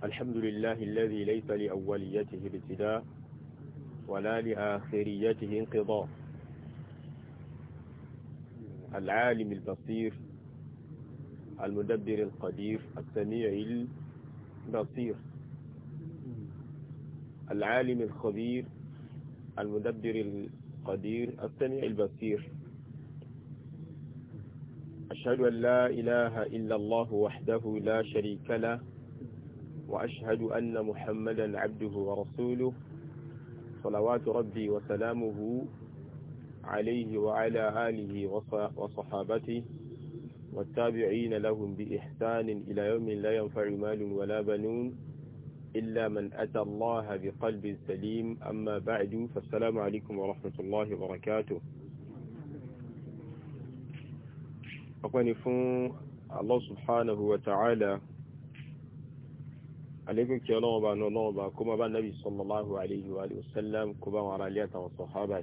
الحمد لله الذي ليس لأوليته ابتداء ولا لآخريته انقضاء العالم البصير المدبر القدير السميع البصير العالم الخبير المدبر القدير السميع البصير أشهد أن لا إله إلا الله وحده لا شريك له وأشهد أن محمدا عبده ورسوله صلوات ربي وسلامه عليه وعلى آله وصحابته والتابعين لهم بإحسان إلى يوم لا ينفع مال ولا بنون إلا من أتى الله بقلب سليم أما بعد فالسلام عليكم ورحمة الله وبركاته أقول الله سبحانه وتعالى àlékún kí ọlọ́wọ́n bá ní ọlọ́wọ́n bá kó má bá nàbì sallallahu alayhi wa sallam kó bá wọn ara ilé àtàwọn sọ̀hábà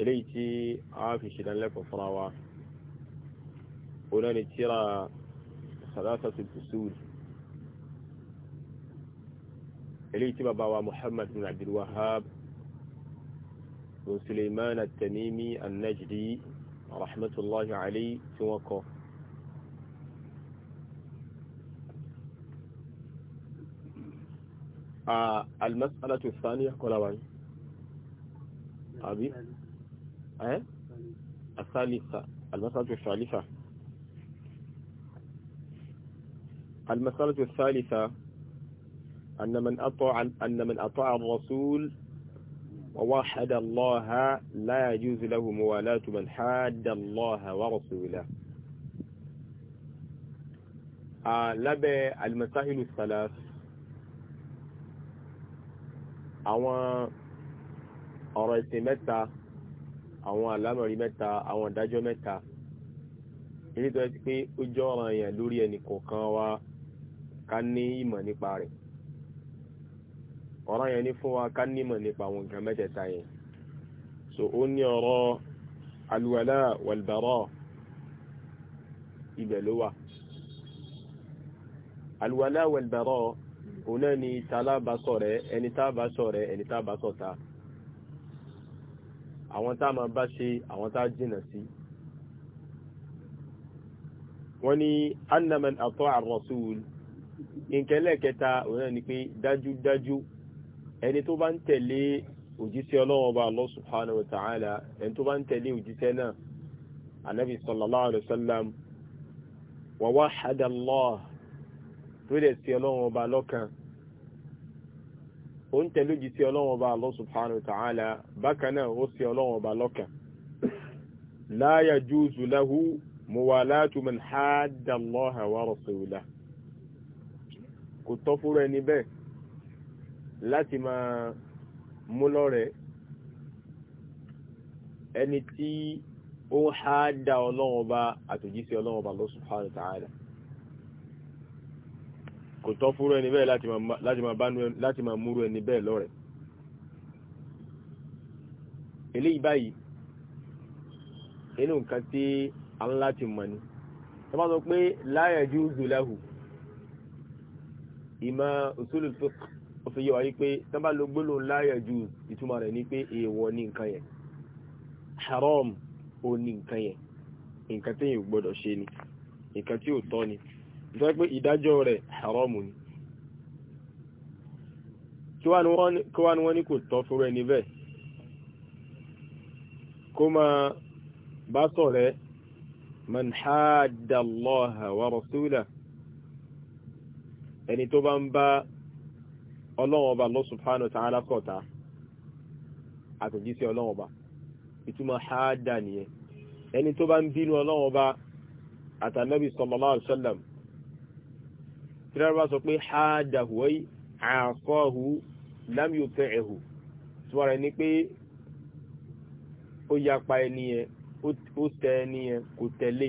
eléyìí tí a fi ṣe dánilẹ́kọ̀ọ́ fúnra wa ó náà ní tíra Thalathatul Usul eléyìí tí bàbá wa Muhammad bin Abdul Wahhab bin Sulaiman at-Tamimi an alayhi tí wọ́n kọ́ آه، المسألة الثانية كلوان أبي أه؟ الثالثة المسألة الثالثة المسألة الثالثة أن من أطاع أن من أطاع الرسول ووحد الله لا يجوز له موالاة من حاد الله ورسوله آه، لبى المسائل الثلاث àwọn ọ̀rọ̀ ìsìn mẹ́ta àwọn àlámọ̀rí mẹ́ta àwọn ìdájọ́ mẹ́ta èyí tó ti pé ó jọ ọ̀ràn èèyàn lórí ẹnì kọ̀ọ̀kan wa ká ní ìmọ̀ nípa rẹ̀ ọ̀ràn yẹn ní fún wa ká ní ìmọ̀ nípa àwọn nǹkan mẹ́tẹ̀ẹ̀ta yẹn so ó ní ọ̀rọ̀ alwala walbara ibẹ̀ ló wà alwala walbara òun náà ni talábàásọ̀rẹ́ ẹni tábàásọ̀rẹ́ ẹni tábàásọ̀ta àwọn tá máa bá ṣe àwọn tá jìnà sí wọ́n ní annaman atọ́ ar-rasul ìkẹlẹ̀ kẹta òun náà ni pé dájúdájú ẹni tó bá ń tẹ̀lé òjíṣẹ́ Ọlọ́run Ọba Allah ẹni tó bá ń tẹ̀lé òjíṣẹ́ náà anabi sallallahu alaihi wasallam wa wahada tó dẹ̀ sí ọlọ́run ọba lọ́kàn ó ń tẹ̀lójì sí ọlọ́run ọba Allah subhanahu wa ta'ala bákan náà ó sí ọlọ́run ọba lọ́kàn la yajuzu lahu muwalatu man hadda Allaha wa rasulahu kò tọ́ mú lọ́rẹ̀ẹ́ ẹni tí ó kò tọ́ fúrú ẹni bẹ́ẹ̀ láti máa múrú ẹni bẹ́ẹ̀ lọ́rẹ̀ eléyìí báyìí inú nǹkan tí a ń láti mọ̀ ni tó bá sọ pé la yajuzu lahu ìmọ̀ usul al-fiqh ó fi yé wa wípé tó bá lo gbólóhùn la yajuzu ìtumọ̀ rẹ̀ ní pé èèwọ̀ ní nǹkan yẹn haram ó ní nǹkan yẹn nǹkan tí yìí gbọ́dọ̀ ṣe ni nǹkan tí ò tọ́ ni tó pé ìdájọ́ rẹ̀ haramu ni kí wá ní wọ́n ní kò tọ́ fúnra ẹni bẹ́ẹ̀ kó máa bá sọ̀rẹ́ man hadda Allaha wa rasulahu ẹni tó bá ń bá ọlọ́wọ́ba Allah subhanahu wa ta'ala kọta àtòjísí ọlọ́wọ́ba ìtumọ̀ hadda nìyẹn ẹni tó bá ń bínú ọlọ́wọ́ba àtànẹ́bì sallallahu tírárá sọ pé hajjahu wáyí àkọ́hu lámìó tẹ́ ẹ̀hù tíwára ẹni pé ó yapa ẹni yẹn ó tẹ ẹni yẹn kò tẹ̀lé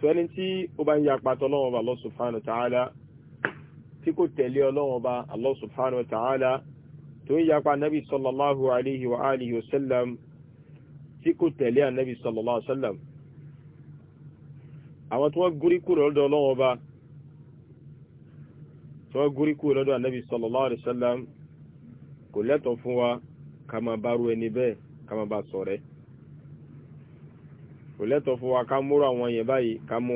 tí ẹni tí ó bá ń yapa tọ́ lọ́wọ́ bá Allah subhanahu wa ta'ala tí kò tẹ̀lé ọlọ́wọ́ bá Allah subhanahu wa tó ń yapa nabi sallallahu alayhi wa alihi wa sallam tí kò tẹ̀lé anabi sallallahu alayhi wa sallam àwọn tí wọ́n gúrí kúrò ọlọ́wọ́ bá tí wọ́n gúrí kú lọ́dọ̀ ànábì sallallahu alaihi wasallam kò lẹ́tọ̀ fún wa ká bá rú ẹni bẹ́ẹ̀ ká máa bá ṣọ̀rẹ́ kò lẹ́tọ̀ fún wa ká múrò àwọn yẹn báyìí ká mú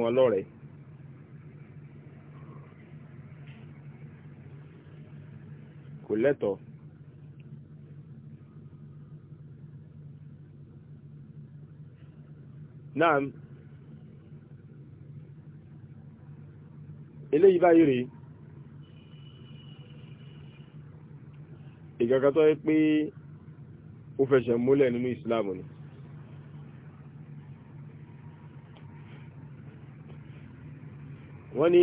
wọn ìkankan tó yẹ pé ó fẹsẹ̀ múlẹ̀ nínú islam ni wọ́n ní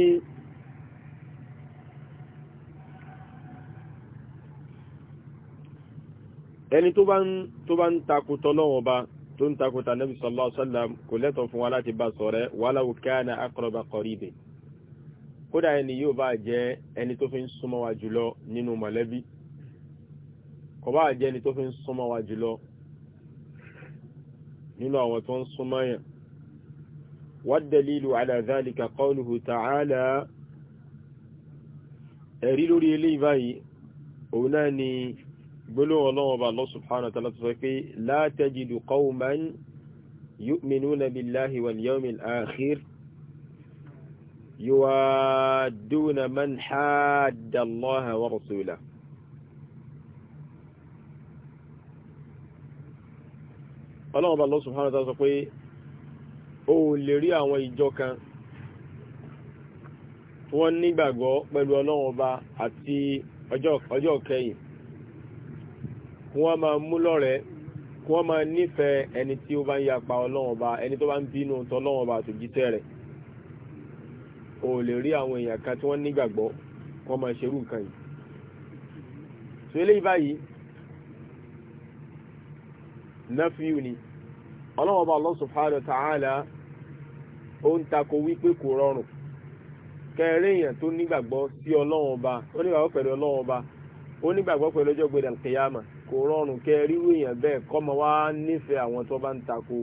ẹni tó bá ń tó bá ń takò tọ́lọ́wọ́n bá tó ń takò tà nẹ́bí sallallahu alaihi wasallam kò lẹ́tọ̀ fún wa láti bá sọ̀rẹ́ walau kana aqraba qaribi kódà ẹni yóò bá jẹ́ ẹni tó fi ń súnmọ́ jùlọ nínú mọ̀lẹ́bí kọba àjẹni tó fi ń súnmọ́ wa jùlọ nínú àwọn tó ń súnmọ́ yẹn wad-dalilu ala dhalika qawluhu ta'ala ẹ̀rí lórí ilé ìbáyìí òun náà ni gbólóhùn Ọlọ́hun Ọba Allah subhanahu wa ta'ala sọ pé la tajidu qawman yu'minuna billahi wal yawmil akhir yuwadduna man hadda Allaha wa rasulahu ọlọ́run Allah subhanahu wa ta'ala sọ pé o lè rí àwọn ìjọ kan wọ́n nígbàgbọ́ pẹ̀lú ọlọ́run ọba àti ọjọ́ kẹyìn wọ́n máa mú lọ́rẹ̀ẹ́ wọ́n máa nífẹ̀ẹ́ ẹni tí ó bá ń yapa ọlọ́run ọba ẹni tó bá ń bínú tọlọ́run ọba o lè rí àwọn èèyàn kan tí nafiyu ni ọlọ́wọ́ bá Allah subhanahu wa ta'ala ó ń takò wípé kò rọrùn kẹrin tó nígbàgbọ́ sí ọlọ́wọ́ bá onígbàgbọ́ pẹ̀lú ọlọ́wọ́ bá onígbàgbọ́ pẹ̀lú ọjọ́ kò rọrùn kẹrin èèyàn bẹ́ẹ̀ wa wá nífẹ̀ẹ́ àwọn tó bá ń takò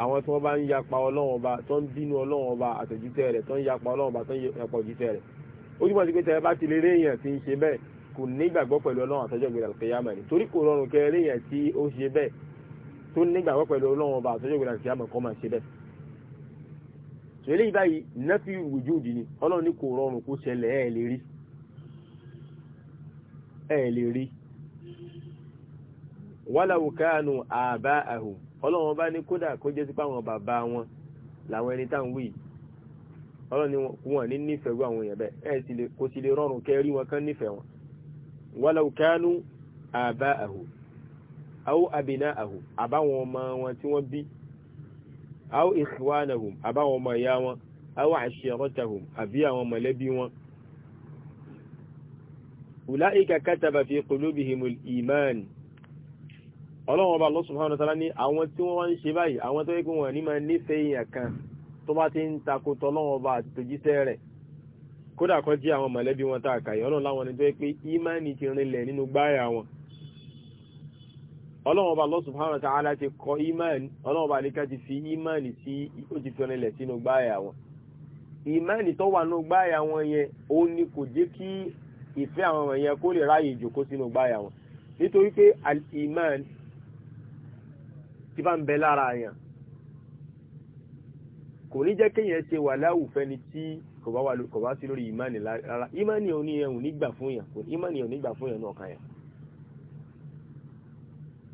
àwọn tó yapa ba tó ń bínú tó nígbàgbọ́ pẹ̀lú ọlọ́run ọba àtọ́jọ́ ìgbàlá kìí àmọ̀ kọ́ máa ṣe bẹ́ẹ̀ so eléyìí báyìí nẹ́fì wùjúdì ni ọlọ́run ní kò rọrùn kó ṣẹlẹ̀ ẹ̀ lè rí ẹ̀ lè rí walaw kanu aba'ahum ọlọ́run bá ní kódà kó jẹ́ sí páwọn bàbá wọn làwọn ẹni táwọn wí ọlọ́run ni wọn nífẹ̀ẹ́ gbọ́ àwọn èèyàn bẹ́ẹ̀ kó aw abina'ahum àbáwọn ọmọ wọn tí wọ́n bí aw ikhwanahum àbáwọn ọmọ ìyá wọn aw ashiratahum àbí àwọn mọ̀lẹ́bí wọn ulaika kataba fi qulubihimul iman ọlọ́run ọba Allah subhanahu wa ta'ala ní àwọn tí wọ́n wá ń ṣe báyìí àwọn tó yẹ kí wọ́n ní máa nífẹ̀ẹ́ èèyàn kan tó bá ti ń takotọ ọlọ́run ọba àti tòjíṣẹ́ rẹ̀ kódà kó jẹ́ àwọn mọ̀lẹ́bí wọn tá a ni tó yẹ pé ti rinlẹ̀ nínú gbáyà wọn ọlọ́run ọba Allah subhanahu wa ta'ala ti kọ imani ọlọ́run ọba àlíká ti fi imani sí ó ti fi ọ̀nilẹ̀ sínú gbáyà wọn imani tó wà nínú gbáyà wọn yẹn ó ní kò jẹ́ kí ìfẹ́ àwọn ọmọ yẹn kó lè ráyè jòkó sínú gbáyà wọn nítorí pé al-iman ti bá ń bẹ lára àyàn kò ní jẹ́ kéèyàn ṣe wà láwùfẹ́ ni tí kò bá sí lórí imani lára imani ò ní ẹ̀hùn nígbà fún yàn imani ò nígbà fún yàn náà kan yàn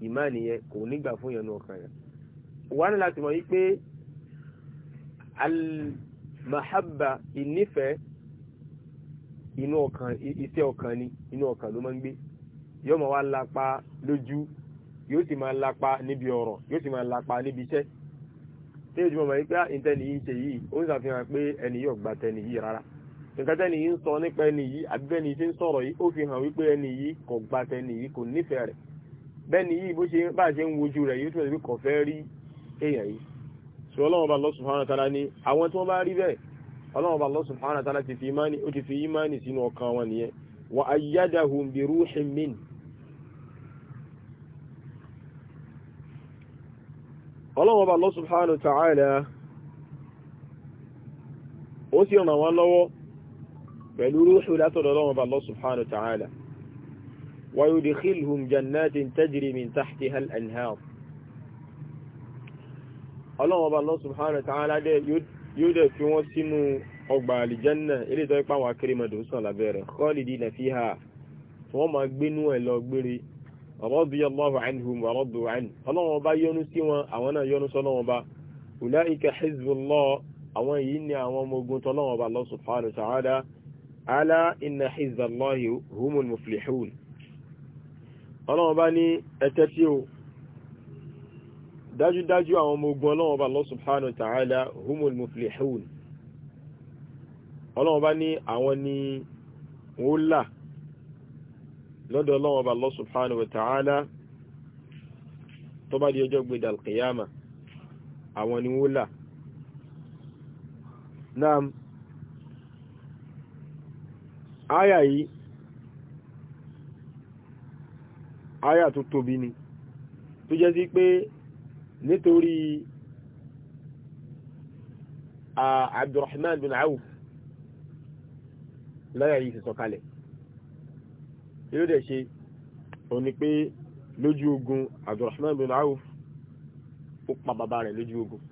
ìmáànì yẹn kò nígbà fún yẹn ní ọkàn yẹn wà ní láti mọ̀ yí pé almahabba ìnífẹ̀ẹ́ inú ọkàn iṣẹ́ ọkàn ni inú ọkàn ló máa ń gbé yóò máa wá lápa lójú yóò sì máa lápa níbi ọ̀rọ̀ yóò sì máa lápa níbi iṣẹ́ tí ojú mọ̀ yí pé ìtẹ́ni ah, yìí ṣe yìí ó ń ṣàfihàn pé ẹni yóò gba tẹni yìí rárá nǹkan tẹ́ni yìí ń sọ nípa ẹni yìí àbí bẹ́ni ń sọ̀rọ̀ yìí ó fi hàn wípé ẹni yìí kò gba tẹni yìí kò nífẹ̀ẹ́ rẹ̀ bẹ́ẹ̀ni yìí bó ṣe bá ṣe ń wojú rẹ̀ yóò túnbẹ̀ kọ̀ fẹ́ rí èèyàn yìí ṣe ọlọ́run bá Allah subhanahu wa ta'ala ní àwọn tí wọ́n bá rí bẹ́ẹ̀ ti fi imani ó ti fi imani sínú ọkàn wọn nìyẹn wa ayyadahum bi ruhin min ويدخلهم جنات تجري من تحتها الأنهار الله وبا الله سبحانه وتعالى يدى في وسن أقبع الجنة إلي طيقا وكريمة دوسان لبير خالدين فيها وما قبنوا إلا قبري رضي الله عنهم ورضوا عنه الله وبا ينسي وانا ينسى الله وبا أولئك حزب الله àwọn يني ni àwọn الله tọ́lọ́wọ́ الله سبحانه وتعالى wa إن حزب الله هم المفلحون ọlọ́run bá ní ẹ̀tẹ́ tí ó dájúdájú àwọn ọmọ ogun ọlọ́run bá Allah subhanahu wa ta'ala humul muflihun ọlọ́run bá ní àwọn ni wọ́n là lọ́dọ̀ ọlọ́run bá Allah subhanahu wa tó bá di ọjọ́ gbé dalkiyama àwọn ni wọ́n là náà àyà tó tóbi ni tó jẹ́ sí pé nítorí Abdurrahman bin Awf láyà yìí sọ̀kalẹ̀ ilé dẹ̀ ṣe o ni pé lójú ogun Abdurrahman bin Awf ó pa bàbá rẹ̀ lójú ogun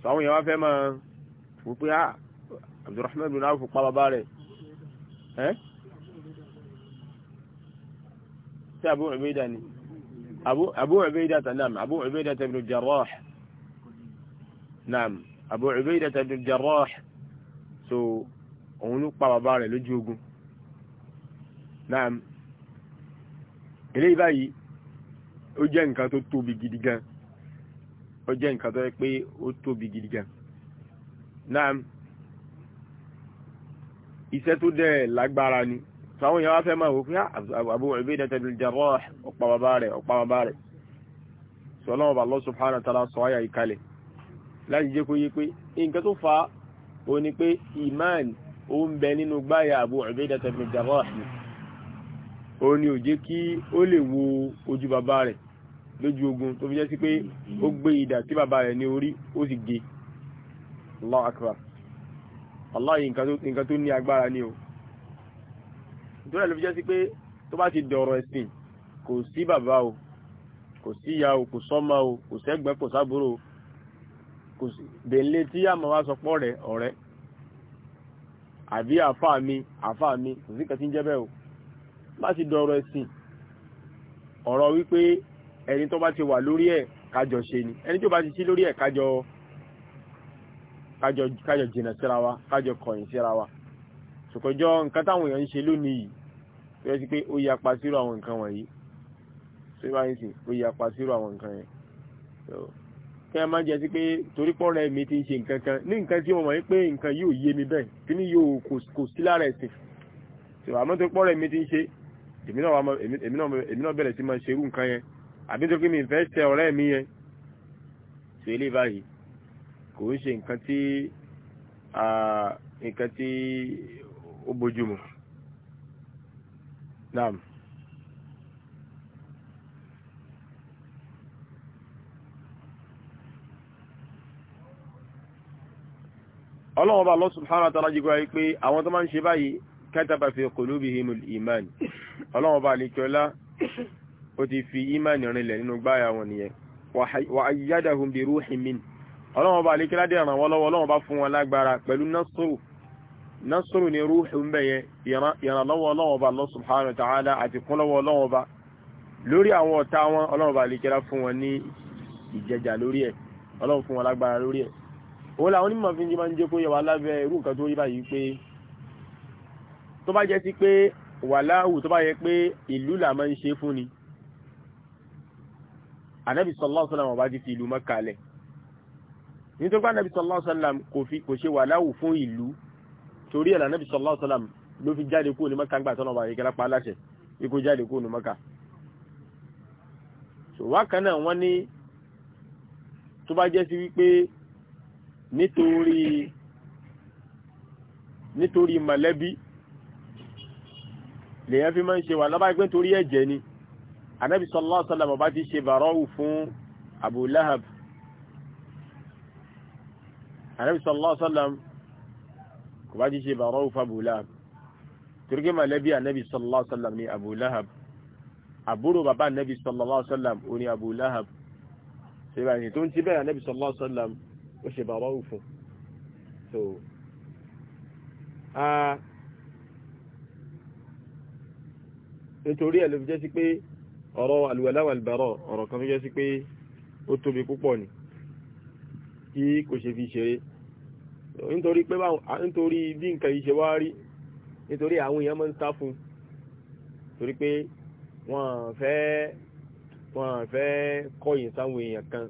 sọ àwọn èèyàn wá fẹ́ máa wípé ah, Abdurrahman bin pa bàbá rẹ̀ ẹ́ sí Abu Ubaida ni Abu Ubaida ta naam Abu Ubaida ta ibn al-Jarrah naam Abu Ubaida ta ibn jarrah so òun ló pa bàbá rẹ̀ lójú ogun naam eléyìí báyìí ó jẹ́ nǹkan tó tóbi gidi gan ó jẹ́ nǹkan tó yẹ pé ó naam iṣẹ́ tó dẹ̀ lágbára ni sọ́wọ́n yẹn wá fẹ́ máa wò pé ah, Abu Ubaidah bin Jarrah ọ̀pá bàbá rẹ̀ ọ̀pá bàbá rẹ̀ sọ́lọ́wọ́ Allah subhanahu wa ta'ala sọ ayà ìkalẹ̀ láti jẹ́ kó yé pé nǹkan tó fa o ni pé lójú ogun tó fi jẹ́ sí pé ó gbé ìdà tí bàbá rẹ̀ ní orí ó sì gé Allahu akbar Allah nǹkan tó ní agbára ni o nítorí ló fi jẹ́ sí pé tó bá ti dọ̀rọ̀ ẹ̀sìn kò sí bàbá o kò sí ìyá o kò sọ́mọ o kò sẹ́gbẹ́ kò sábúrò o kò sí bèèlè tí àmọ́ wá sọ pọ̀ rẹ̀ ọ̀rẹ́ àbí àfà mi àfà mi kò sí kẹtí ń jẹ́ bẹ́ẹ̀ o bá ti dọ̀rọ̀ ẹ̀sìn ọ̀rọ̀ wípé ẹni tó bá ti wà lórí ẹ̀ kájọ ṣe ni ẹni tó bá ti sí lórí ẹ̀ kájọ kájọ jìnà síra wa kájọ kọ̀yìn síra wa ṣùkọjọ́ nǹkan táwọn èèyàn ń ṣe lónìí yìí tó yẹ sí pé ó yapa sírò àwọn nǹkan wọ̀nyí tó yẹ sí ó yapa sírò àwọn nǹkan yẹn kí ẹ má jẹ́ sí pé torí pọ́ rẹ̀ mi ti ń ṣe nǹkan kan ní nǹkan tí mo mọ̀ pé nǹkan yóò yé mi bẹ́ẹ̀ kí ni yóò kò sí lára ẹ̀sìn tó àmọ́ torí pọ́ rẹ̀ mi ti ń ṣe èmi náà bẹ̀rẹ̀ sí máa ṣerú nǹkan yẹn àbí tó kí mi fẹ́ ṣe ọ̀rẹ́ mi yẹn ṣe ilé báyìí kò ń ṣe nǹkan tí nǹkan tí ó bójúmu naam. ọlọ́run bá lọ́sùn hàn àtàrà jígbà yìí pé àwọn tó máa ń ṣe báyìí kataba fi qulubihimul ìmáàni ọlọ́run bá lè kíọ́lá ó ti fi ìmáàni rinlẹ̀ nínú gbáyà wọn nìyẹn wa ayyadahum bi ruhin min ọlọ́run bá lè kíọ́lá dẹ̀ ràn nasuru ni ruuxu ń bẹ̀yẹ ìrànlọ́wọ́ ọlọ́wọ́ba Allah subhanahu wa ta'ala àti kúnlọ́wọ́ ọlọ́wọ́ba lórí àwọn ọ̀tá wọn ọlọ́wọ́ba àlekẹ́lá fún wọn ní ìjẹjà lórí ẹ̀ ọlọ́wọ́ fún wọn lágbára lórí ẹ̀ òun làwọn onímọ̀ fi ń jí máa ń jẹ́ kó yẹ wá lábẹ́ irú nǹkan tó yí báyìí pé tó bá jẹ́ sí pé wàláhù tó bá yẹ pé ìlú là máa ń ṣe fún ni ànábì sallallahu alaihi wasallam bá ti fi ìlú Mákkà lẹ̀ nítorí pé sallallahu alaihi wasallam kò ṣe wàláhù fún ìlú torí ẹ̀lá nẹ́bí sallallahu alaihi wasallam ló fi jáde kúrò ní mọ́ká ń gbà tọ́nà bàrí kẹlá pa aláṣẹ ikú jáde kúrò ní mọ́ká so wákan náà wọ́n ní tó bá jẹ́ sí wípé nítorí nítorí mọ̀lẹ́bí lèyàn fi máa ń ṣe wà lọ́bá ìpín torí ẹ̀jẹ̀ ni anábì sallallahu alaihi wasallam bá ti ṣe bàrọ́wù fún Abu Lahab anábì sallallahu alaihi wasallam kò bá ti ṣe bàrọ̀ òfà Abu Lahab torí pé mọ̀lẹ́bí ànábì sallallahu alaihi wasallam ni Abu Lahab àbúrò bàbá ànábì sallallahu alaihi wasallam ó ní Abu Lahab ṣe bá ní tó ń ti bẹ́ẹ̀ ànábì sallallahu alaihi wasallam ó ṣe bàrọ̀ òfò so nítorí ẹ̀ ló fi jẹ́ sí pé ọ̀rọ̀ al-wala wal-bara ọ̀rọ̀ kan fi jẹ́ sí pé ó tóbi ni kí kò ṣe fi ṣeré nítorí pé báwọn nítorí bí nǹkan yìí ṣe wá rí nítorí àwọn èèyàn máa ń sá fún torí pé wọ́n fẹ́ wọ́n fẹ́ kọ̀yìn sáwọn èèyàn kan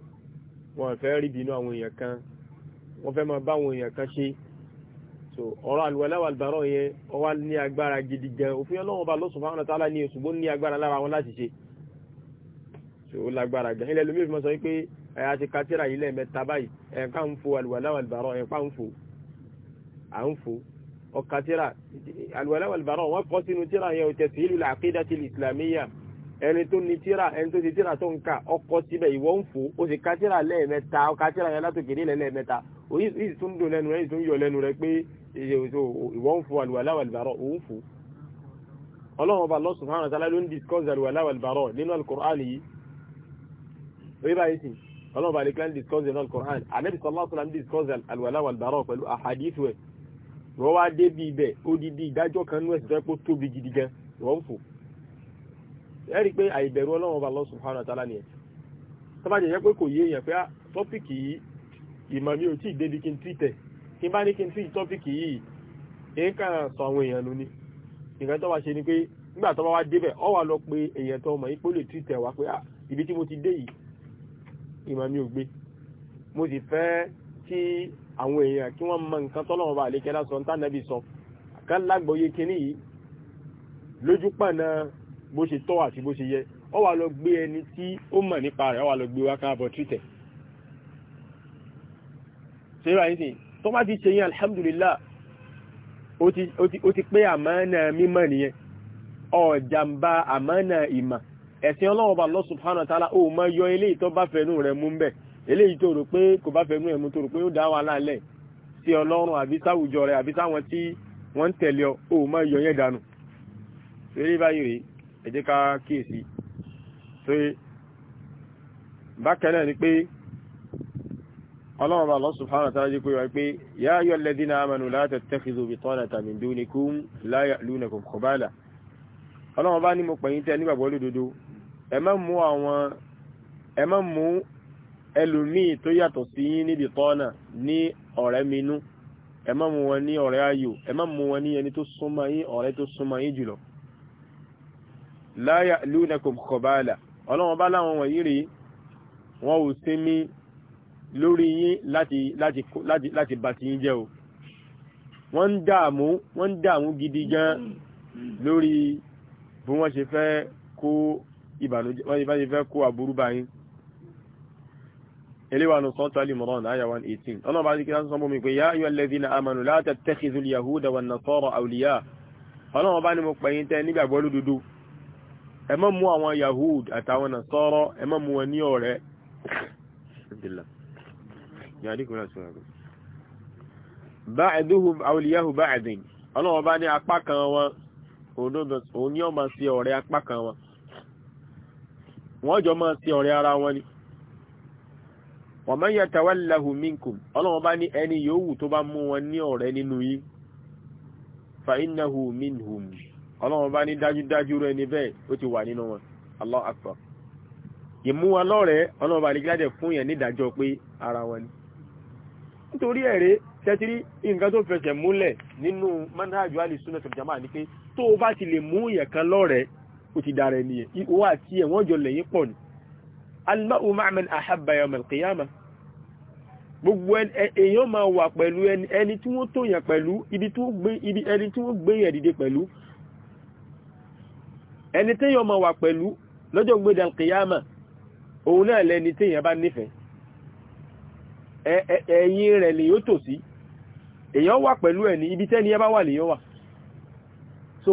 wọ́n fẹ́ rí bínú àwọn èèyàn kan wọ́n fẹ́ máa báwọn èèyàn kan ṣe so ọ̀rọ̀ àlùwẹ̀láwà àlùbárọ̀ yẹn ó wà ní agbára gidi gan òfin ọlọ́run bá lọ́sùn fáwọn ọ̀tá ní ṣùgbọ́n ní agbára lára wọn láti ṣe so ó lágbára gan ilẹ̀ lómi ìfimọ́ sọ wípé ẹ̀ àti katira yìí lẹ́ẹ̀mẹ́ta báyìí ẹ̀ ká ń fo àlùwàlá wàlùbárọ̀ ẹ̀ ká ń fo à ń fo ọkà tíra àlùwàlá wàlùbárọ̀ wọ́n kọ́ sínú tíra yẹn òtẹ̀ sí ìlú àkídàtì ìsìlámíyà ẹni tó ní tíra ẹni tó ti tíra tó ń ka ọkọ̀ síbẹ̀ ìwọ ń fo ó sì ka tíra lẹ́ẹ̀mẹ́ta ọkà tíra yẹn látòkè nílẹ̀ lẹ́ẹ̀mẹ́ta òyìí tún dùn lẹ́nu rẹ̀ tún yọ lẹ́nu rẹ̀ pé ìwọ ń fo ọlọ́run bá lè kí discuss in al-Qur'an anabi sallallahu alaihi wasallam discuss alwala walbara pẹ̀lú ahadith wẹ̀ wọ́n wá dé bí ibẹ̀ odidi ìdájọ́ kan nú ẹ̀sìn tó kó tóbi gidi gan wọ́n fò ẹ rí i pé àìbẹ̀rù ọlọ́run ọba Allah subhanahu wa ta'ala nìyẹn tọ́bàjẹ́ jẹ́ pé kò yé èèyàn pé ah, tọ́pìkì yìí ìmọ̀ mi ò tí ì débi kí n tìtẹ̀ kí n bá ní kí ah, ibi tí mo ti dé yìí ìmọ̀ mi ò gbé mo sì fẹ́ kí àwọn èèyàn kí wọ́n mọ nǹkan tọ́lọ́wọ́ bá àlékẹ́ lásán tánàbí sọ kan lágbóyé kíní yìí lójú pàna bó ṣe tọ́ àti bó ṣe yẹ ọ wà lọ gbé ẹni tí ó mọ̀ nípa rẹ̀ ọ wà lọ gbé wá káàbọ̀ títẹ̀ ṣe rà ní sìn tó bá ti ṣe yín alhamdulillah ó ti pé àmánà mímọ̀ nìyẹn ọ̀jàmbá àmánà ìmọ̀ ẹ̀sìn ọlọ́run bá Allah subhanahu wa ta'ala ó máa yọ eléyìí tó bá fẹ́nu rẹ̀ mú ń bẹ̀ eléyìí tó rò pé kò bá fẹ́nu ẹ̀ mú tó rò pé ó dá wa lálẹ̀ sí ọlọ́run àbí sáwùjọ rẹ̀ àbí sáwọn tí wọ́n ń tẹ̀lé ọ ó máa yọ yẹn dànù. eré báyìí rèé ẹ jẹ́ ká kíyèsí pé bákan náà ni pé ọlọ́run bá Allah subhanahu wa jẹ́ pé wá pé ya ọlọ́run bá ní mo pẹ̀yìn tẹ́ nígbàgbọ́ lódodo ẹ má mú àwọn ẹ má mú ẹlòmíì tó yàtọ̀ sí yín níbi tọ́nà ní ọ̀rẹ́ minú ẹ má mú wọn ní ọ̀rẹ́ ayò ẹ má mú wọn ní ẹni tó súnmọ́ yín ọ̀rẹ́ tó súnmọ́ yín jùlọ la ya'lunakum khabala ọlọ́wọ́n bá láwọn wọ̀nyí rí wọn ò sinmi lórí yín láti bá ti yín jẹ́ o wọ́n ń dààmú wọ́n ń dààmú gidi gan lórí bí wọ́n ṣe fẹ́ kó ìbànújẹ́ wọ́n ti bá ti fẹ́ kó àbúrú báyìí eléwàánu sọ́tọ̀ alìmọ̀rán àyà 118 ọlọ́ba ní kíkà sọ́mọ́ mi pé yá ayọ́ alladhina amanu la tattakhizu yahuda wan nasara awliya ọlọ́wọ́n bá ní mo pẹ̀yìn tẹ́ nígbàgbọ́ lódodo ẹ má mú àwọn yahud àtàwọn nasara ẹ má mú wọn ní ọ̀rẹ́ ba'duhum awliya'u ba'din ọlọ́wọ́n bá ní wọ́n jọ máa sí ọ̀rẹ́ ara wọn ni wa man hụ minkum ọlọ́wọ́n bá ní ẹni yòówù tó bá mú wọn ní ọ̀rẹ́ nínú yín fa innahu ọlọ́wọ́n bá ní dájúdájú níbẹ̀ ó ti wà nínú wọn ìmú ọlọ́wọ́n bá ní gíládẹ̀ ni nínú ó ti dára ẹni yẹn ìwọ àti ẹ̀ wọ́n jọ lẹ́yìn pọ̀ ni alma'u ma'aman ahabba yawm al-qiyamah gbogbo èèyàn máa wà pẹ̀lú ẹni tí wọ́n tóyàn pẹ̀lú ibi tí wọ́n gbé dìde pẹ̀lú ẹni téèyàn máa wà pẹ̀lú lọ́jọ́ gbé so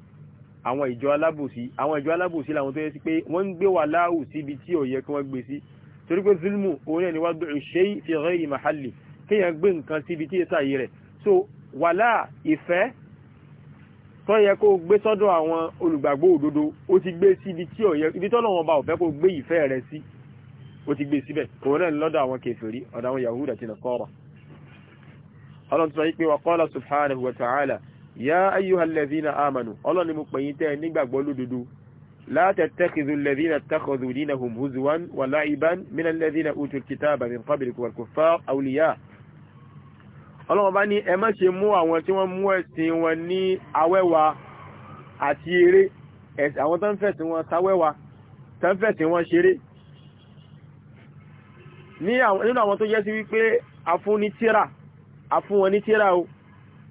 àwọn ìjọ alábòsí àwọn ìjọ alábòsí làwọn tó yẹ sí pé wọ́n ń gbé wà láàwù síbi tí ò yẹ kí wọ́n gbé sí torí pé zulmu òun ẹni wá gbẹ̀rù ṣe fi ghairi mahalli kéèyàn gbé nǹkan síbi tí èsà yìí rẹ̀ so wàlá ìfẹ́ tó yẹ kó gbé sọ́dọ̀ àwọn olùgbàgbọ́ òdodo ó ti gbé síbi tí ò ibi tọ́lọ̀ wọn bá ò kó gbé ìfẹ́ rẹ̀ sí ó ti gbé síbẹ̀ òun náà lọ́dọ̀ àwọn kèfèrí ọ̀dọ̀ àwọn yahuda ti nà ọlọ́run tó sọ yí pé wa qala subhanahu wa ta'ala ya ayyuhal ladhina amanu ọlọ́run ni mo pè yín tẹ́ nígbàgbọ́ lódodo la tattakhidhu alladhina ittakhadhu dinahum huzwan wa la'iban min alladhina utul kitaba min qablikum wal kuffar awliya ọlọ́run bá ní ẹ má ṣe mú àwọn tí wọ́n mú ẹ̀sìn wọn ní awẹ́wa àti eré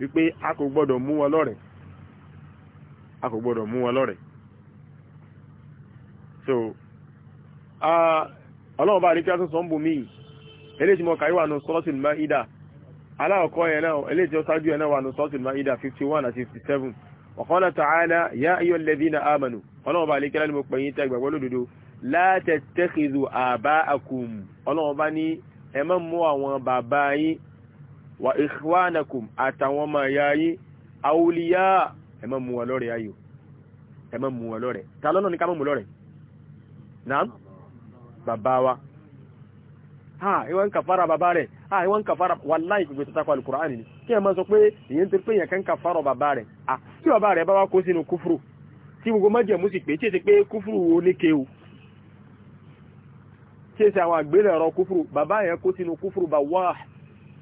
wípé a kò gbọ́dọ̀ mú wọn lọ́rẹ̀ a kò gbọ́dọ̀ mú wọn lọ́rẹ̀ so ọlọ́run bá ní kí a tún sọ ń bù mí eléyìí tí mo kàí wà ní sọ́ọ̀tì Maida aláàkọ́ yẹn náà eléyìí tí ó sáájú yẹn náà wà ní sọ́ọ̀tì ya ayyul ladhina amanu ọlọ́run bá ní kí lẹ́nu mo pè la tattakhidhu aba'akum ọlọ́run bá ní ẹ má mú àwọn wa ikhwanakum àtàwọn ọmọ ìyá yín awuliya ẹ má mú wọn lọ́rẹ̀ ayò ẹ mú wọn lọ́rẹ̀ ta lọ́nà ní ká má mú lọ́rẹ̀ naam bàbá wa ha ìwọ́n kàfàrà bàbá rẹ̀ ha ìwọ́n kàfàrà wallahi gbogbo tó takwa alukùránì ni kí ẹ máa sọ pé èyí tó pé èyàn kan kàfàrà bàbá rẹ̀ à tí bàbá rẹ̀ bá wá kó sínú kúfùrù àwọn àgbélẹ̀ ọ̀rọ̀ kúfùrù bàbá yẹn kó sínú kúfùrù bá wáà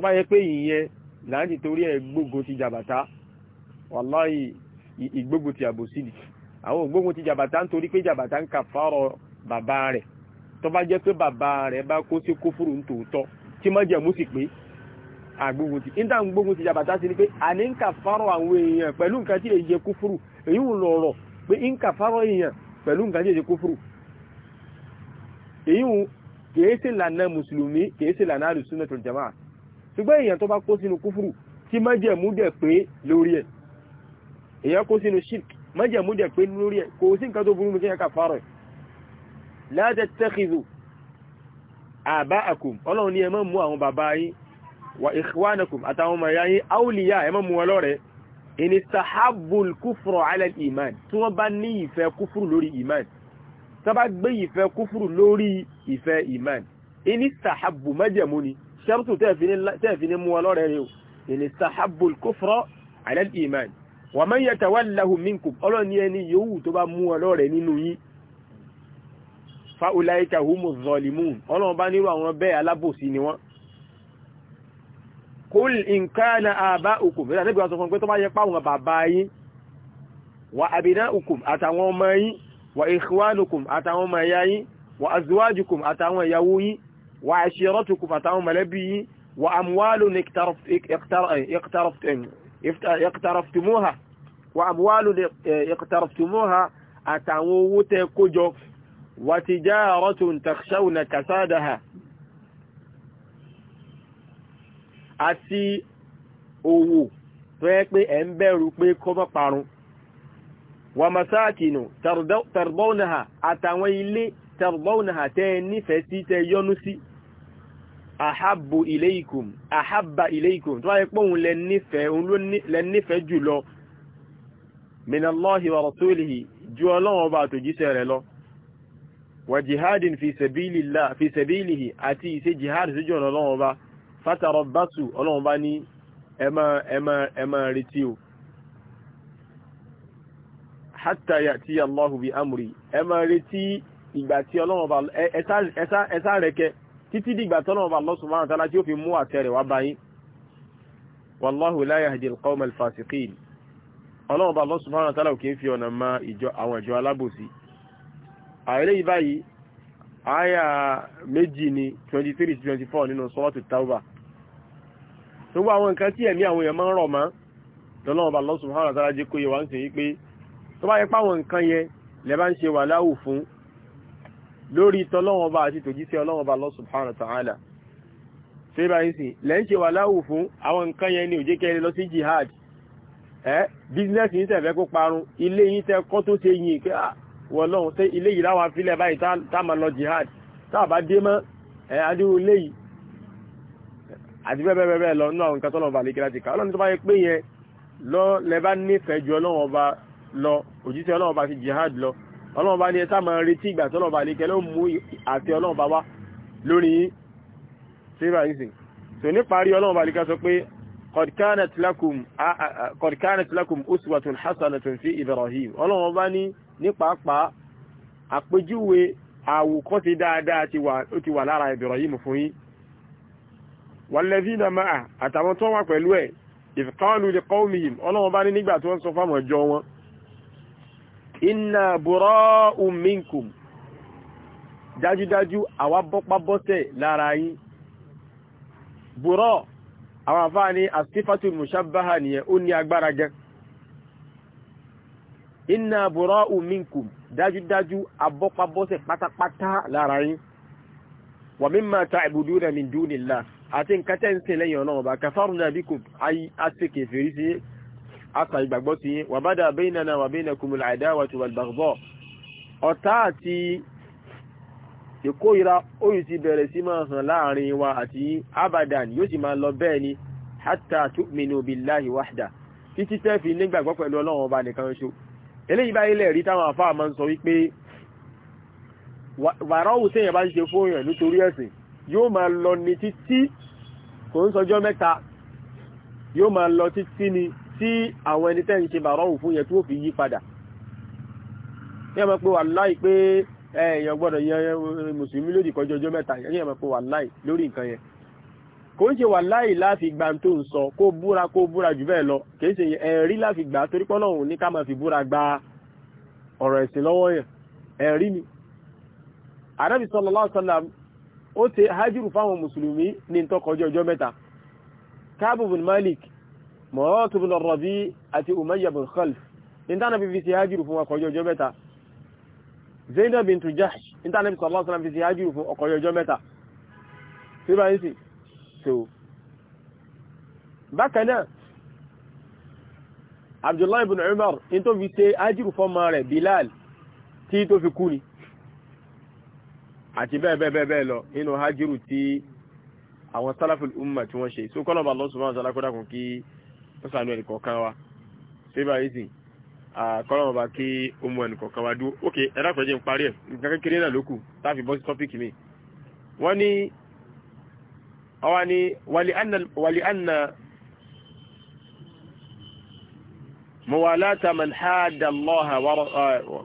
tó bá yẹ pé ìyẹn láti torí ẹ gbógun ti jàbàtà wàláì ìgbógun ti àbòsílì àwọn ògbógun ti jàbàtà ń torí pé jàbàtà ń kàfàrọ bàbá rẹ̀ tó bá jẹ́ pé bàbá rẹ̀ bá kó sí kófúrú ń tòótọ́ tí má jẹ̀mú sì pé àgbógun ti níta ń gbógun ti jàbàtà sí ni pé àní ń kàfàrọ àwọn èèyàn pẹ̀lú nǹkan tí èyí jẹ kófúrú èyí ń lọ̀rọ̀ pé ń kàfàrọ èèyàn pẹ̀lú nǹkan tí èyí jẹ kófúrú èyí ń kèé sí lànà mùsùlùmí kèé sí lànà àlùsùnà tó jàmáà ṣùgbọ́n èèyàn tó bá kó sínú kúfùrù tí májẹ̀mú dẹ̀ pé lórí ẹ̀ èèyàn kó sínú shirk májẹ̀mú dẹ̀ pé lórí ẹ̀ kò sí nǹkan tó burú nìkan ká fárọ̀ la tattakhidhu aba'akum ọlọ́run ní ẹ má mú àwọn bàbá yín wa ikhwanakum àtàwọn ọmọ ìyá yín awliya ẹ má mú wọn lọ́rẹ̀ẹ́ ìní iman tí sahabu májẹ̀mú ṣẹ́mtù tẹ́ẹ̀fì ní mú ọlọ́rẹ̀ rẹ̀ ìní sahabul kufra ala al-iman wa man yatawallahu minkum ọlọ́ni ẹni yòówù tó bá mú ọlọ́rẹ̀ nínú yín fa ulaika humu zalimun ọlọ́run bá nírú àwọn bẹ́ẹ̀ alábòsí ni wọ́n kul in kana aba'ukum ìrìn àti ìgbà wa abina'ukum àtàwọn ọmọ ẹ̀yà yín wa azwajukum àtàwọn ìyàwó yín وعشيرتكم ashiratukum àtàwọn mọ̀lẹ́bí yín wa amwalun iqtaraftumuha wa amwalun iqtaraftumuha àtàwọn owó tẹ́ kójọ wa tijaratun takhshawna kasadaha àti owó tó yẹ pé ẹ̀ ń bẹ̀rù pé kó má parun wa masakinu tardawnaha àtàwọn ilé tardawnaha tẹ́ nífẹ̀ẹ́ sí tẹ́ yọ́nú sí ahabbu ilaykum ahabba ilaykum tó bá yẹ pé òun lẹ nífẹ̀ẹ́ òun lẹ nífẹ̀ẹ́ jù lọ minallahi wa rasulihi ju ọlọ́run ọba àtòjíṣẹ́ rẹ̀ lọ wa jihadin fi sabilillah fi sabilihi àti ìṣe jihad síjọ́ ọlọ́run ọba fatarabbasu ọlọ́run ọba ní ẹmọ ẹmọ ẹmọ retí o hatta ya'ti Allahu bi amri ẹmọ retí ìgbà tí ọlọ́run ọba ẹsá rẹ̀kẹ́ títí dìgbà tọ́nà ọba Allah subhanahu wa ta'ala tí ó fi mú àtẹ rẹ̀ wá báyìí wallahu la yahdi al-qawma al-fasiqin ọlọ́run ọba Allah subhanahu fi ọ̀nà ma àwọn ìjọ alábòsí ààrẹ yìí báyìí àyà 24 nínú suratu tauba gbogbo àwọn nǹkan tí ẹ̀mí àwọn èèyàn máa ń rọ̀ mọ́ lọ́lọ́run ọba Allah subhanahu wa ta'ala jẹ́ wá ń lórí tọ́lọ́wọ́n bá àti tòjíṣẹ́ ọlọ́wọ́n bá Allah subhanahu wa ta'ala ṣe bá yìí sí lẹ́ńṣẹ́ wà láwù fún àwọn nǹkan yẹn ni ò jẹ́ kẹrin lọ sí jihad ẹ́ business yìí tẹ̀fẹ́ kó parun ilé yìí tẹ kọ́ tó ṣe yìn pé wọ́n lọ́hùn jihad tá a bá dé mọ́ ẹ̀ adúrú ilé yìí àti bẹ́ẹ̀ bẹ́ẹ̀ bẹ́ẹ̀ lọ nínú àwọn nǹkan tọ́lọ́wọ́n bá lè kíra ti ká ọlọ́run tó bá yẹ ti jihad lọ ọlọ́run bá ní ẹta máa retí ìgbà tí ọlọ́run bá ní kẹlẹ́ mú àti ọlọ́run bá wá lórí síra ìsìn so níparí ọlọ́run bá ní ká sọ pé qad kanat lakum uswatun hasanatun fi ibrahim ọlọ́run bá ní nípaapá àpèjúwe àwòkọ́ṣe dáadáa ó ti wà lára ibrahim fún yín wàlẹ́fínà máa àtàwọn tó wà pẹ̀lú ẹ̀ ìfẹ́ qalu liqawmihim ọlọ́run bá iná bùrọ́ uminkum dájúdájú àwa bọ́pá bọ́sẹ̀ lára yín bùrọ́ àwọn àfáà ní asífàtù mushabbaha nìyẹn ó ní agbára gan iná bùrọ́ uminkum dájúdájú abọ́pá bọ́sẹ̀ pátápátá lára yín wà mímọ̀ ta ìbùdó rẹ̀ min dunillah àti nǹkan tẹ́ ń sìn lẹ́yìn ọ̀nà ọba kafarna bikum ayé àti kèfèrí sí àtà ìgbàgbọ́ ti yín wàbádà baynana wa baynakumul adawatu wal baghdha ọ̀tá àti ìkóyira oyin ti bẹ̀rẹ̀ sí máa hàn láàrin wa àti abadan yóò sì máa lọ bẹ́ẹ̀ ni hatta tu'minu billahi wahda títí tẹ́ fi nígbàgbọ́ pẹ̀lú ọlọ́run ọba nìkan ṣo eléyìí báyìí lẹ̀ rí táwọn àfáà máa ń sọ wípé wàráwù téèyàn bá ń yóò máa lọ títí ni tí àwọn ẹni tẹ́ ń ṣe bàrọ̀ òun fún yẹn tí ó fi yí padà pé pé gbọ́dọ̀ kọjọ ọjọ́ mẹ́ta pé lórí nǹkan yẹn kò ń ṣe gbà tó ń sọ kó búra kó búra jù bẹ́ẹ̀ lọ kìí ṣe ẹ̀rí láti gbà torí ní ká máa fi búra gba ọ̀rọ̀ ẹ̀sìn lọ́wọ́ yẹn ẹ̀rí ni ó ṣe fáwọn mùsùlùmí ní ọjọ́ mẹ́ta Malik mọ̀rọ́tù bin rabi àti umayya bin khalf ìntànà bí fi sí hajjúrù fún ọkọ̀ ọjọ́ mẹ́ta zainab bin tujash ìntànà bí sallallahu alaihi wasallam fi sí hajjúrù fún ọkọ̀ ọjọ́ mẹ́ta tí bá ń sì so bákan náà abdullahi bin umar in tó fi sí hajjúrù fún ọmọ rẹ̀ bilal tí tó fi kú ni àti bẹ́ẹ̀bẹ́ẹ̀bẹ́ẹ̀ lọ inú hajjúrù tó sànú ẹnì kọ̀ọ̀kan wa ṣé báyìí sìn kọ́lọ́mọ̀ bá kí ó mú ẹnì kọ̀ọ̀kan wa dúró ok ẹ dákun jẹ́ n parí ẹ̀ nǹkan kékeré náà lókù táàfi bọ́ sí tọ́pìkì mi wọ́n ní ọwá ní wàlí àna mọ̀wàláta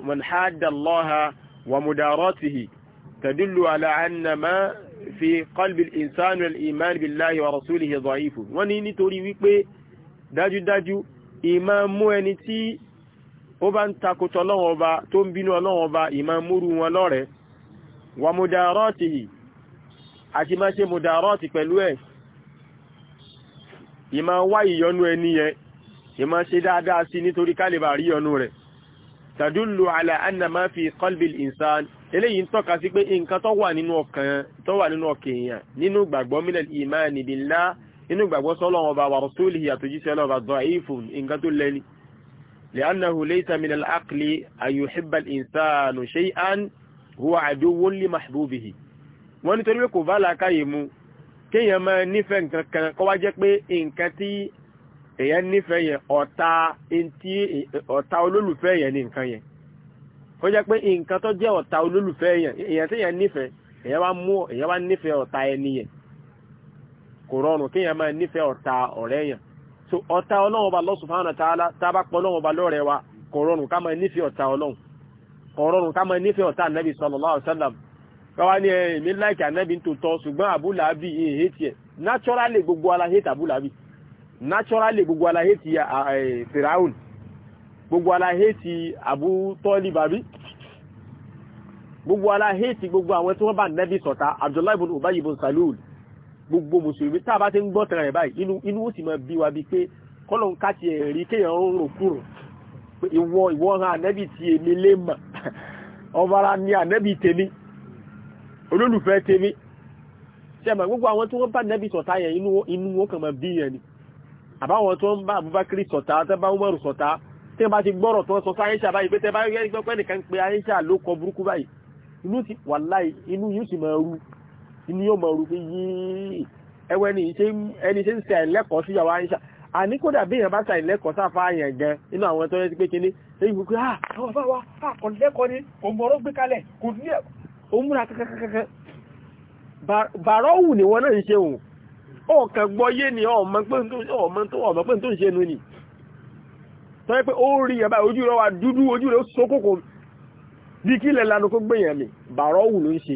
manhadallaha wa mudaratihi tadullu ala fi qalbi al-insani wal iman billahi wa wọ́n ní nítorí wípé dájúdájú ìmá mú ẹni tí ó bá ń takòtò ọlọ́wọ́n ọba tó ń bínú ọlọ́wọ́n ọba ìmá múrú wọn lọ́rẹ̀ wà mùdàrọ́ọ̀tì àti máa ṣe mùdàrọ́ọ̀tì pẹ̀lú ẹ̀ ìmá wá ìyọnú ẹni yẹn ìmá ṣe dáadáa sí nítorí kálíbà rí ọnú rẹ̀ tàdúlù àlà inú gbàgbọ́ sọ́lọ́wọ́ bá wà rọ̀súlì àtòjíṣẹ́ lọ́wọ́ da'ifun nǹkan tó lẹ́ni li'annahu laysa min al-aqli an yuhibba al-insanu shay'an huwa aduwwun li mahbubihi wọ́n nítorí pé kò bá làákàyè mu kéèyàn máa nífẹ̀ẹ́ nǹkan kan kó wá jẹ́ pé nǹkan tí èèyàn nífẹ̀ẹ́ yẹn ọ̀tá ntí ọ̀tá olólùfẹ́ yẹn ní nǹkan yẹn kó jẹ́ pé nǹkan tó jẹ́ ọ̀tá olólùfẹ́ yẹn èèyàn tí èèyàn nífẹ̀ẹ́ èèyàn wá mú èèyàn wá nífẹ̀ẹ́ ọ̀tá ẹni yẹn kò rọrùn kéèyàn máa nífẹ̀ẹ́ ọ̀tá ọ̀rẹ́ yàn so ọ̀tá ọlọ́run ọba Allah subhanahu wa ta'ala tá a bá pọ̀ ọlọ́run ọba lọ́rẹ̀ wa kò rọrùn ká máa nífẹ̀ẹ́ ọ̀tá ọlọ́run kò rọrùn ká máa nífẹ̀ẹ́ ọ̀tá ànábì sallallahu alaihi wasallam káwá ní èmi láìkì ànábì ń tòótọ́ ṣùgbọ́n naturally gbogbo ala hate naturally gbogbo ala hate firaun gbogbo ala hate àbú tọ́lì bàbí gbogbo ala hate gbogbo àwọn tí wọ́n bá ànábì ṣọ̀tá Abdullahi ibn Salul gbogbo mùsùlùmí tá a bá ti ń gbọ́tàn rẹ̀ báyìí inú ó sì máa bí wa bí pé kọ́lọ̀ ń káàkiri ẹ̀rí kéèyàn ń rò kúrò pé ìwọ ìwọ ran ànẹ́bì ti èmi lé mà ọmọra ni ànẹ́bì tèmi olólùfẹ́ tèmi sẹ́mà gbogbo àwọn tí wọ́n bá ànẹ́bì ṣọ̀tá yẹn inú wọn kàn máa bí yẹn ni àbáwọn tó ń bá Abubakar ṣọ̀tá tẹ́ bá Umaru ṣọ̀tá tẹ́ bá ti gbọ́rọ̀ tó sọ sáyẹ́ṣà báyìí ni yóò mọ̀ rú pé yìí ẹwẹ́ ni ẹni ṣe ń ṣe àìlẹ́kọ̀ọ́ sí ìyàwó àyíṣà àní kódà bí èèyàn bá ṣe àìlẹ́kọ̀ọ́ sáfà àyàn gan inú àwọn tó yẹ ti pé kíní ṣe ìwé pé ah, àwọn afá wa ah, kò lẹ́kọ̀ọ́ ni kò mọ̀rọ̀ gbé kalẹ̀ kò ní ò múra ni wọ́n ni ọmọ pé tó ni tọ́ pé ó rí ẹ̀bá ojú rẹ̀ wà dúdú ojú rẹ̀ mi bàárọ̀ wù ló ń ṣe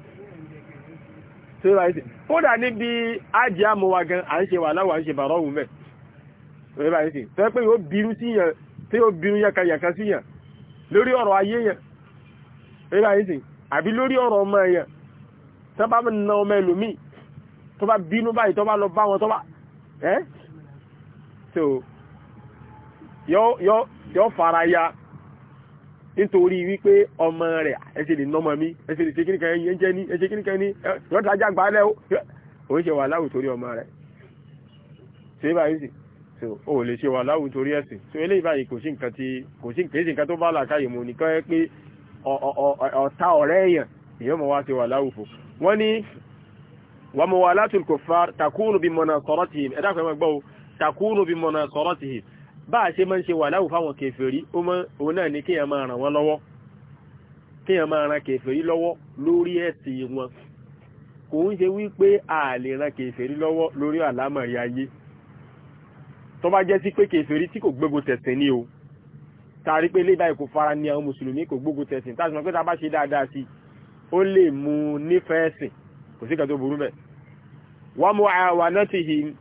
tí ó ráyé ó dà níbi ájì àmúwa gan à ń ṣe wà láwà ń ṣe bàrọ̀ òun mẹ́ tó yẹ́ báyìí sí tó yẹ́ pé yóò bírú sí yàn tí yóò bírú yàkà yàkà sí yàn lórí ọ̀rọ̀ ayé yàn tó yẹ́ báyìí sí àbí lórí ọ̀rọ̀ ọmọ yàn bá bínú báyìí tó bá lọ bá wọn tó bá ẹ́ so yóò fara ya nítorí wípé ọmọ rẹ̀ ẹsẹ̀ lè nọ́mọ mi ẹsẹ̀ lè ṣe kíníkà ẹyẹ jẹ́ ní ẹsẹ̀ kíníkà ní yọ́ta ajá gbà lẹ́ o ṣe wà láwù torí ọmọ rẹ̀ ṣe é báyìí sì so o lè ṣe wà láwù torí ẹ̀sìn so eléyìí báyìí kò sí nǹkan tí kò sí nǹkan tí nǹkan tó bá làákàyè mu nìkan ẹ pé ọ̀tá ọ̀rẹ́ èèyàn èèyàn mọ̀ wá ṣe wà láwù fò wọ́n ní wọ́n mọ̀ wà látùl kuffar takunu bí mọ̀nà sọ̀rọ̀ tìhìm ẹ̀dá bá a ṣe máa ń ṣe wà láwù fáwọn kèfèrí òun náà ni kíyàn máa ràn wọ́n lọ́wọ́ kíyàn máa ran kèfèrí lọ́wọ́ lórí ẹ̀sìn wọn kò ń ṣe wípé a lè ran kèfèrí lọ́wọ́ lórí àlámọ̀rí ayé tó bá jẹ́ sí pé kèfèrí tí kò gbógun tẹ̀sìn ni o tàrí pé ilé ìbáyìí kò fara ní àwọn mùsùlùmí kò gbógun tẹ̀sìn tá a sì mọ̀ pé tá a bá ṣe dáadáa sí ó lè mú nífẹ̀ẹ́ sìn kò sí kan burú bẹ́ẹ̀ wọ́n mú àwọn náà ti hì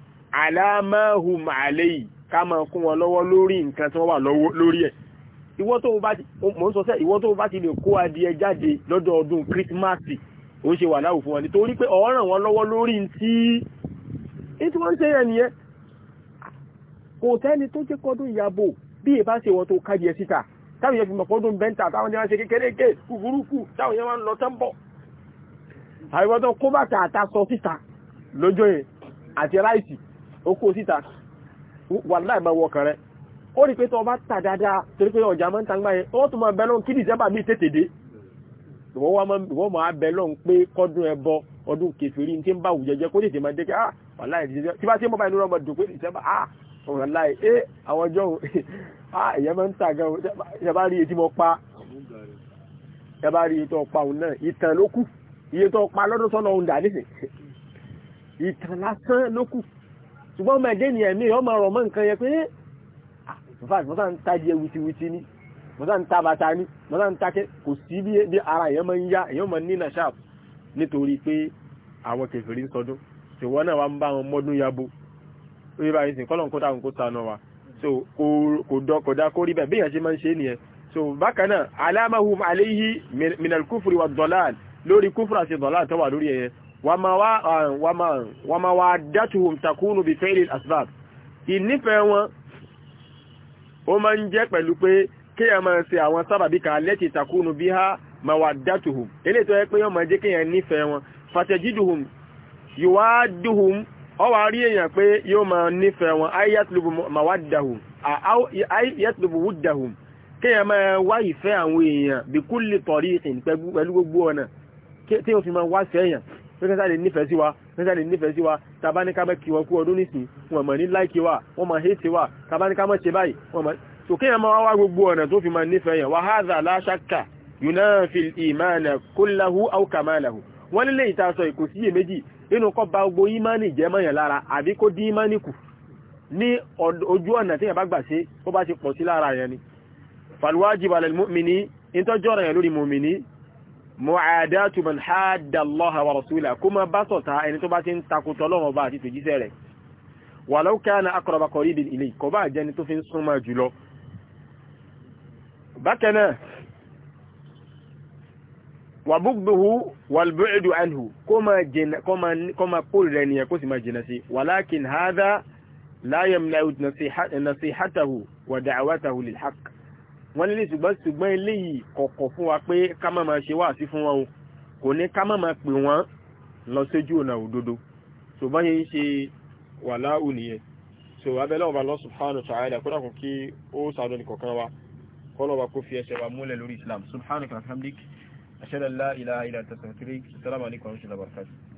ká máa kún wọn lọ́wọ́ lórí nǹkan tí wọ́n wà lórí ẹ̀ ìwọ tó bá ti mò ń sọ sẹ́ ìwọ tó bá ti lè kó adìẹ jáde lọ́dọ̀ ọdún kírísímàsì ó ń ṣe wà láwù fún wọn nítorí pé ó ràn wọ́n lọ́wọ́ lórí tí tí wọ́n ń ṣe yẹn nìyẹn kò sẹ́ni tó jẹ́ kọ́dún ìyàbò bí ìbá ṣe wọ́n tó kájẹ síta táwọn yẹn fi mọ̀ pọ́dún bẹ́ńtà táwọn yẹn ṣe kékeré ké kúkúrúkú táwọn yẹn ń lọ tẹ́ńbọ̀ àìwọ́n tó kó bàtà àtasọ síta lọ́jọ́ yẹn àti ráìsì ó kó síta wà láì máa wọkàn rẹ̀ ó rí pé tó bá tà dáadáa torí pé ọjà máa ń tangbá yẹn ó tún máa bẹ lọ́n kí dìjẹ́bà mí tètè dé wọ́n máa bẹ lọ́n pé kọ́dún ẹbọ ọdún kẹfìrí tí ń bá wù jẹjẹ kó tètè máa dé kí ah wà láì dìjẹ́ tí bá tí mo bá inú rọ́mọ dùn pé dìjẹ́bà ṣùgbọ́n mẹ́ jẹ́ ní ẹ̀mí ọmọ ọ̀rọ̀ mọ́ nǹkan yẹ pé ah, mọ́sá ń ta jẹ witiwiti ní mọ́sá ń ta bàtà ní ara èèyàn mọ́ ń yá èèyàn mọ́ ní nàṣàp nítorí pé àwọn kèfèrí ń sọdún ṣùgbọ́n náà wà wa so kò dọ kò dá kó rí bẹ́ẹ̀ bíyàn ṣe máa ń ṣe nìyẹn so bákan náà alámahùn aléyí minal kúfùrí wa dọ̀láàl lórí kúfùrà ṣe dọ̀láàl tó lórí ẹ̀yẹn wa ah, mawaddatuhum takunu bi fi'li al-asbab ìnífẹ̀ẹ́ wọn ó máa ń jẹ́ pẹ̀lú pé kí ẹ máa ṣe àwọn sábàbí kan takunu biha mawaddatuhum eléyìí tó yẹ pé yóò máa jẹ́ kí èèyàn nífẹ̀ẹ́ wọn fatajiduhum yuwadduhum ọ wá rí èèyàn pé yóò máa nífẹ̀ẹ́ wọn ay yatlubu mawaddahum ay yatlubu wuddahum kí èèyàn máa wá ìfẹ́ àwọn èèyàn bi kulli tariqin pẹ̀lú gbogbo ọ̀nà tí ó fi máa wá fẹ́ èèyàn kẹta lè nífẹ̀ẹ́ sí wa kẹta lè nífẹ̀ẹ́ sí wa tàbá ní ká mọ́ kí wọn kú ọdún nísìn wọn mọ̀ ní láìkí wa wọn mọ̀ hẹ́ẹ̀tì wa tàbá ní ká mọ́ ṣe báyìí wọn mọ̀ tó kí ẹmọ wá gbogbo ọ̀nà tó fi mọ̀ nífẹ̀ẹ́ yẹn wa hadha la shakka yunafi al-imana kullahu aw kamalahu wọ́n nílé ìtasọ ìkò sí iyèméjì inú kọ́ ba gbogbo mu'adatu man hadda Allah wa rasulahu kuma basota ẹni tó bá tin takuto Ọlọ́run ba àti tòjíṣẹ́ rẹ̀ walau kana aqraba qaribin ilay kò bá jẹ́ ni tó fin súnmọ́ jùlọ bakana wa bughduhu wal bu'du anhu kuma jin kuma kuma kulre ni kò sì má jìnà sí walakin hadha la yamna'u nasihatahu wa da'watahu lil haqq wọ́n lè ṣùgbọ́n ṣùgbọ́n eléyìí kọ̀kọ̀ fún wa pé ká má máa ṣe wáàsí fún wọn o kò ní ká má máa pè wọ́n lọ sójú ọ̀nà òdodo ṣùgbọ́n yẹn ń ṣe wà láhù nìyẹn so abẹ́lẹ́ ọba Allah subhanahu wa ta'ala kó dàkún kí ó sàdọ̀ ní kọ̀ọ̀kan wa kọ́lọ̀ wa kó fi ẹsẹ̀ wa múlẹ̀ lórí Islam subhanaka alhamdik ashhadu an wa rahmatullahi